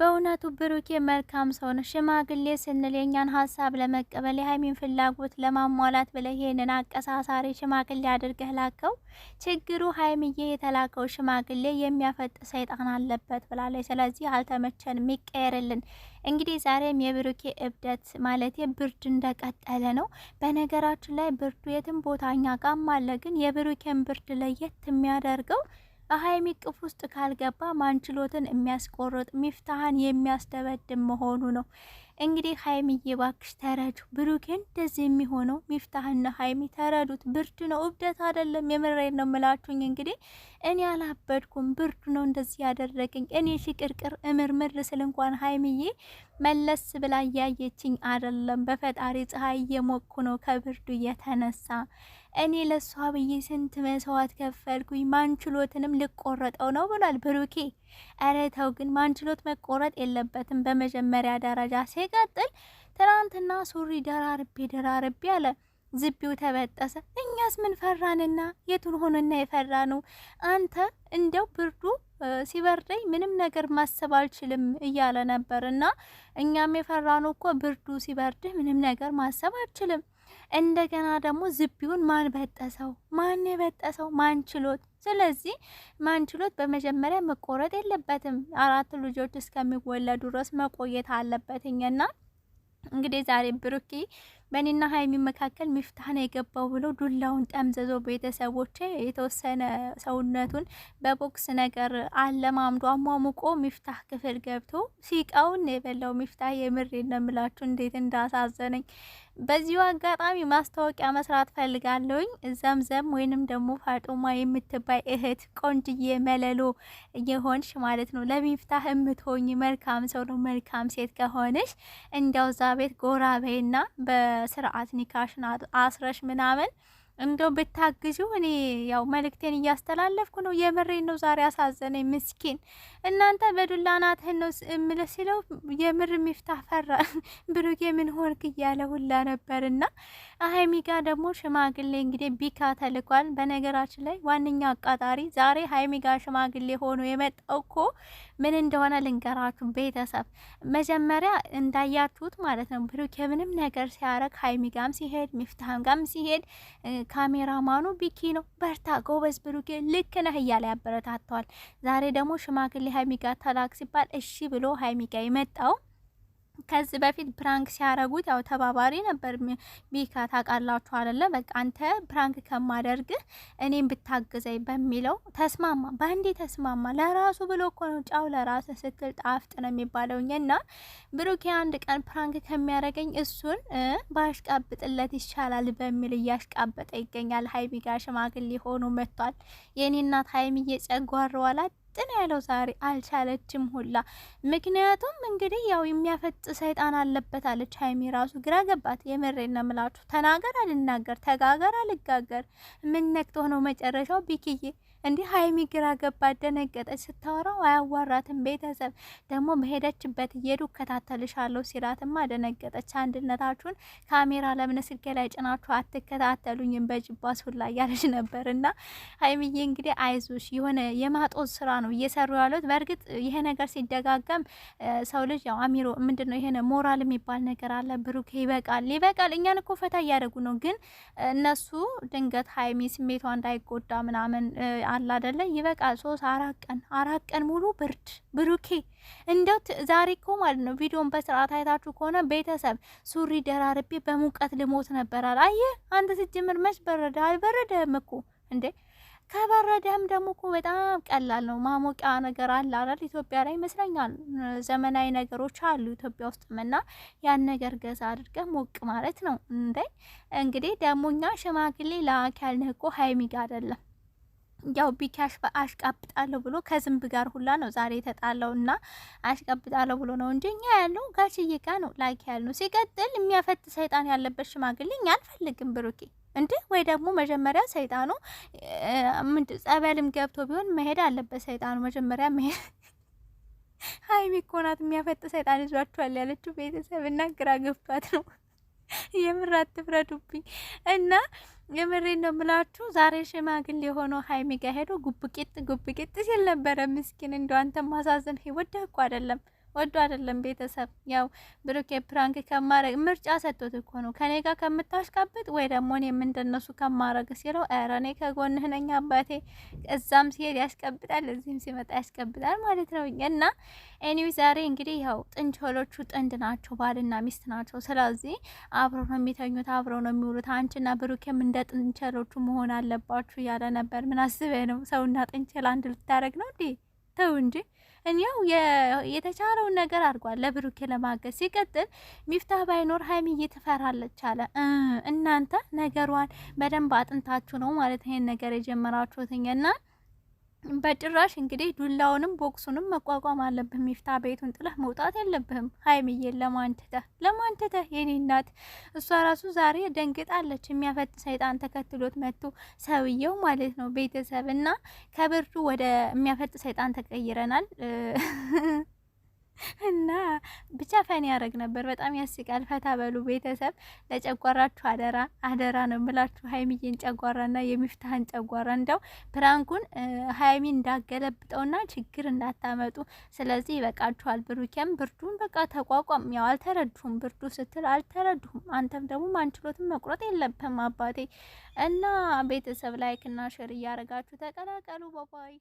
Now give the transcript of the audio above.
በእውነቱ ብሩኬ መልካም ሰው ነው። ሽማግሌ ስንል የእኛን ሀሳብ ለመቀበል የሀይሚን ፍላጎት ለማሟላት ብለህ ይህንን አቀሳሳሪ ሽማግሌ አድርገህ ላከው። ችግሩ ሀይሚዬ የተላከው ሽማግሌ የሚያፈጥ ሰይጣን አለበት ብላለች። ስለዚህ አልተመቸን የሚቀየርልን እንግዲህ ዛሬም የብሩኬ እብደት ማለት ብርድ እንደቀጠለ ነው። በነገራችን ላይ ብርዱ የትም ቦታ እኛ ጋም አለ። ግን የብሩኬን ብርድ ለየት የሚያደርገው ሀይሚ ቅፍ ውስጥ ካልገባ ማንችሎትን የሚያስቆርጥ ሚፍታህን የሚያስደበድብ መሆኑ ነው። እንግዲህ ሀይሚዬ ባክሽ ተረዱ። ብሩኬን እንደዚህ የሚሆነው ሚፍታህና ሀይሚ ተረዱት። ብርድ ነው፣ እብደት አይደለም። የምሬን ነው ምላችሁኝ። እንግዲህ እኔ አላበድኩም፣ ብርድ ነው እንደዚህ ያደረገኝ። እኔ ሽቅርቅር እምርምር ስል እንኳን ሀይሚዬ መለስ ብላ እያየችኝ አይደለም። በፈጣሪ ፀሐይ እየሞቅኩ ነው ከብርዱ የተነሳ እኔ ለሷ ብዬ ስንት መስዋዕት ከፈልኩኝ፣ ማንችሎትንም ልቆረጠው ነው ብሏል ብሩኬ። ኧረ ተው ግን ማንችሎት መቆረጥ የለበትም በመጀመሪያ ደረጃ። ሲቀጥል ትናንትና ሱሪ ደራርቤ ደራርቤ አለ ዝቢው ተበጠሰ። እኛስ ምን ፈራንና የቱን ሆነና የፈራ ነው አንተ እንደው ብርዱ ሲበርደኝ ምንም ነገር ማሰብ አልችልም እያለ ነበር እና እኛም የፈራ ነው እኮ ብርዱ ሲበርድህ ምንም ነገር ማሰብ አልችልም እንደገና ደግሞ ዝቢውን ማን በጠሰው? ማን የበጠሰው? ማን ችሎት? ስለዚህ ማን ችሎት በመጀመሪያ መቆረጥ የለበትም። አራት ልጆች እስከሚወለዱ ድረስ መቆየት አለበትኝና እንግዲህ ዛሬ ብሩኬ በእኔና ሀይሚ መካከል ሚፍታህ ነው የገባው ብሎ ዱላውን ጠምዘዞ ቤተሰቦቼ የተወሰነ ሰውነቱን በቦክስ ነገር አለማምዶ አሟሙቆ ሚፍታህ ክፍል ገብቶ ሲቃውን የበላው ሚፍታህ የምር እንደምላችሁ እንዴት እንዳሳዘነኝ። በዚሁ አጋጣሚ ማስታወቂያ መስራት ፈልጋለሁኝ። ዘምዘም ወይንም ደግሞ ፋጡማ የምትባይ እህት ቆንጅዬ መለሎ የሆንሽ ማለት ነው ለሚፍታህ የምትሆኝ መልካም ሰው ነው መልካም ሴት ከሆነሽ እንዲያው ዛ ቤት ጎራ በይና በስርዓት ኒካሽን አስረሽ ምናምን እንደው ብታግዙ እኔ ያው መልእክቴን እያስተላለፍኩ ነው። የምሬን ነው። ዛሬ አሳዘነኝ ምስኪን። እናንተ በዱላ ናትህን ነው እምልህ ሲለው የምር የሚፍታህ ፈራ ብሩጌ ምን ሆንክ እያለ ሁላ ነበርና ሀይሚ ጋ ደግሞ ሽማግሌ እንግዲህ ቢካ ተልኳል። በነገራችን ላይ ዋነኛ አቃጣሪ ዛሬ ሀይሚ ጋ ሽማግሌ ሆኖ የመጣው እኮ ምን እንደሆነ ልንገራችሁ ቤተሰብ። መጀመሪያ እንዳያችሁት ማለት ነው ብሩጌ ምንም ነገር ሲያረግ ሀይሚ ጋም ሲሄድ ሚፍታህም ጋም ሲሄድ ካሜራማኑ ቢኪ ነው። በርታ ጎበዝ ብሩኬ ልክ ነህ እያለ ያበረታተዋል። ዛሬ ደግሞ ሽማግሌ ሀይሚጋ ጋር ተላክ ሲባል እሺ ብሎ ሀይሚጋ ጋር ከዚህ በፊት ፕራንክ ሲያረጉት ያው ተባባሪ ነበር። ሚካ ታውቃላችሁ አይደለ? በቃ አንተ ፕራንክ ከማደርግህ እኔም ብታግዘኝ በሚለው ተስማማ። በአንዴ ተስማማ። ለራሱ ብሎ እኮ ነው። ጫው ለራስ ስትል ጣፍጥ ነው የሚባለው። እና ብሩኬ አንድ ቀን ፕራንክ ከሚያደርገኝ እሱን ባሽቃብጥለት ይሻላል በሚል እያሽቃበጠ ይገኛል። ሀይሚ ጋር ሽማግሌ ሆኖ መጥቷል። የኔ እናት ሀይሚዬ ጸጓረዋላት ፍጥን ያለው ዛሬ አልቻለችም ሁላ። ምክንያቱም እንግዲህ ያው የሚያፈጥ ሰይጣን አለበት አለች ሀይሚ። ራሱ ግራ ገባት። የምሬን ነው የምላችሁ። ተናገር አልናገር፣ ተጋገር አልጋገር፣ ምን ነክቶ ነው መጨረሻው ቢኪዬ እንዲህ ሀይሚ ግራ ደነገጠች። ስታወራው አያዋራትም። ቤተሰብ ደግሞ በሄደችበት እየሄዱ እከታተልሻለሁ ሲላትማ ደነገጠች። አንድነታችሁን ካሜራ ለምን ስልኬ ላይ ጭናችሁ አትከታተሉኝም? ሱን ላይ ያለች ነበር። እና ሀይሚዬ እንግዲህ አይዞሽ፣ የሆነ የማጦዝ ስራ ነው እየሰሩ ያሉት። በእርግጥ ይሄ ነገር ሲደጋገም ሰው ልጅ ያው አሚሮ ምንድን ነው ይሄ ሞራል የሚባል ነገር አለ። ብሩክ ይበቃል፣ ይበቃል። እኛን እኮ ፈታ እያደረጉ ነው። ግን እነሱ ድንገት ሀይሚ ስሜቷ እንዳይጎዳ ምናምን አለ አይደለ? ይበቃል። ሶስት አራት ቀን አራት ቀን ሙሉ ብርድ ብሩኬ። እንደው ዛሬ እኮ ማለት ነው ቪዲዮን በስርዓት አይታችሁ ከሆነ ቤተሰብ ሱሪ ደራርቤ በሙቀት ልሞት ነበራል። አየ አንተ ስትጀምር መች በረደ? አልበረደም እኮ እንዴ ከበረደም ደግሞ እኮ በጣም ቀላል ነው። ማሞቂያ ነገር አለ አይደል? ኢትዮጵያ ላይ ይመስለኛል ዘመናዊ ነገሮች አሉ ኢትዮጵያ ውስጥ እና ያን ነገር ገዛ አድርገ ሞቅ ማለት ነው እንዴ። እንግዲህ ደግሞ እኛ ሽማግሌ ላክ ያልንህ እኮ ሀይሚጋ አይደለም ያው ቢካሽ አሽቃብጣለሁ ብሎ ከዝንብ ጋር ሁላ ነው ዛሬ የተጣለው እና አሽቃብጣለሁ ብሎ ነው እንጂ እኛ ያለው ጋሽዬ ጋ ነው ላኪ ያልነው። ሲቀጥል የሚያፈት ሰይጣን ያለበት ሽማግሌ እኛ አልፈልግም ብሩኬ እንዴ ወይ ደግሞ መጀመሪያ ሰይጣኑ ምን ጸበልም ገብቶ ቢሆን መሄድ አለበት ሰይጣኑ መጀመሪያ መሄድ ሀይሚ እኮ ናት የሚያፈጥ ሰይጣን ይዟችኋል ያለችው ቤተሰብ እና ግራ ገብቷት ነው። የምር አትፍረዱብኝ እና የምሬ ነው ምላችሁ። ዛሬ ሽማግሌ የሆነ ሀይሚ ጋ ሄዶ ጉብቂጥ ጉብቂጥ ሲል ነበረ። ምስኪን እንደው አንተ ማሳዘን ወደህ እኮ አይደለም ወዶ አይደለም ቤተሰብ ያው ብሩኬ ፕራንክ ከማረግ ምርጫ ሰጥቶት እኮ ነው። ከኔ ጋር ከምታሽቃብጥ ወይ ደግሞ እኔም እንደነሱ ከማረግ ሲለው ኧረ እኔ ከጎንህ ነኝ አባቴ። እዛም ሲሄድ ያስቀብጣል፣ እዚህም ሲመጣ ያስቀብጣል ማለት ነው። እና ኤኒዌይ ዛሬ እንግዲህ ያው ጥንቸሎቹ ጥንድ ናቸው፣ ባልና ሚስት ናቸው። ስለዚህ አብረው ነው የሚተኙት፣ አብረው ነው የሚውሉት። አንቺና ብሩኬም እንደ ጥንቸሎቹ መሆን አለባችሁ እያለ ነበር። ምን አስበህ ነው ሰውና ጥንቸል አንድ ልታደረግ ነው እንዴ? ተው እንጂ እኛው የተቻለውን ነገር አድርጓል ለብሩኬ ለማገዝ። ሲቀጥል ሚፍታህ ባይኖር ሀይሚ እየተፈራለች አለ። እናንተ ነገሯን በደንብ አጥንታችሁ ነው ማለት ይሄን ነገር የጀመራችሁትኝ እና በጭራሽ እንግዲህ ዱላውንም ቦክሱንም መቋቋም አለብህ። ሚፍታ ቤቱን ጥለህ መውጣት የለብህም። ሀይሚዬ ለማንትተህ ለማንትተህ የኔ እናት እሷ ራሱ ዛሬ ደንግጣለች። የሚያፈት ሰይጣን ተከትሎት መጥቶ ሰውየው ማለት ነው ቤተሰብ እና ከብርዱ ወደ የሚያፈጥ ሰይጣን ተቀይረናል። እና ብቻ ፈን ያደረግ ነበር። በጣም ያስቃል። ፈታ በሉ ቤተሰብ። ለጨጓራችሁ አደራ አደራ ነው የምላችሁ። ሀይሚዬን ጨጓራና የሚፍታህን ጨጓራ እንደው ፕራንኩን ሀይሚ እንዳገለብጠውና ችግር እንዳታመጡ። ስለዚህ ይበቃችኋል። ብሩኬም ብርዱን በቃ ተቋቋም። ያው አልተረድሁም፣ ብርዱ ስትል አልተረድሁም። አንተም ደግሞ ማንችሎትን መቁረጥ የለብህም አባቴ። እና ቤተሰብ ላይክ እና ሽር እያደረጋችሁ ተቀላቀሉ። ባባይ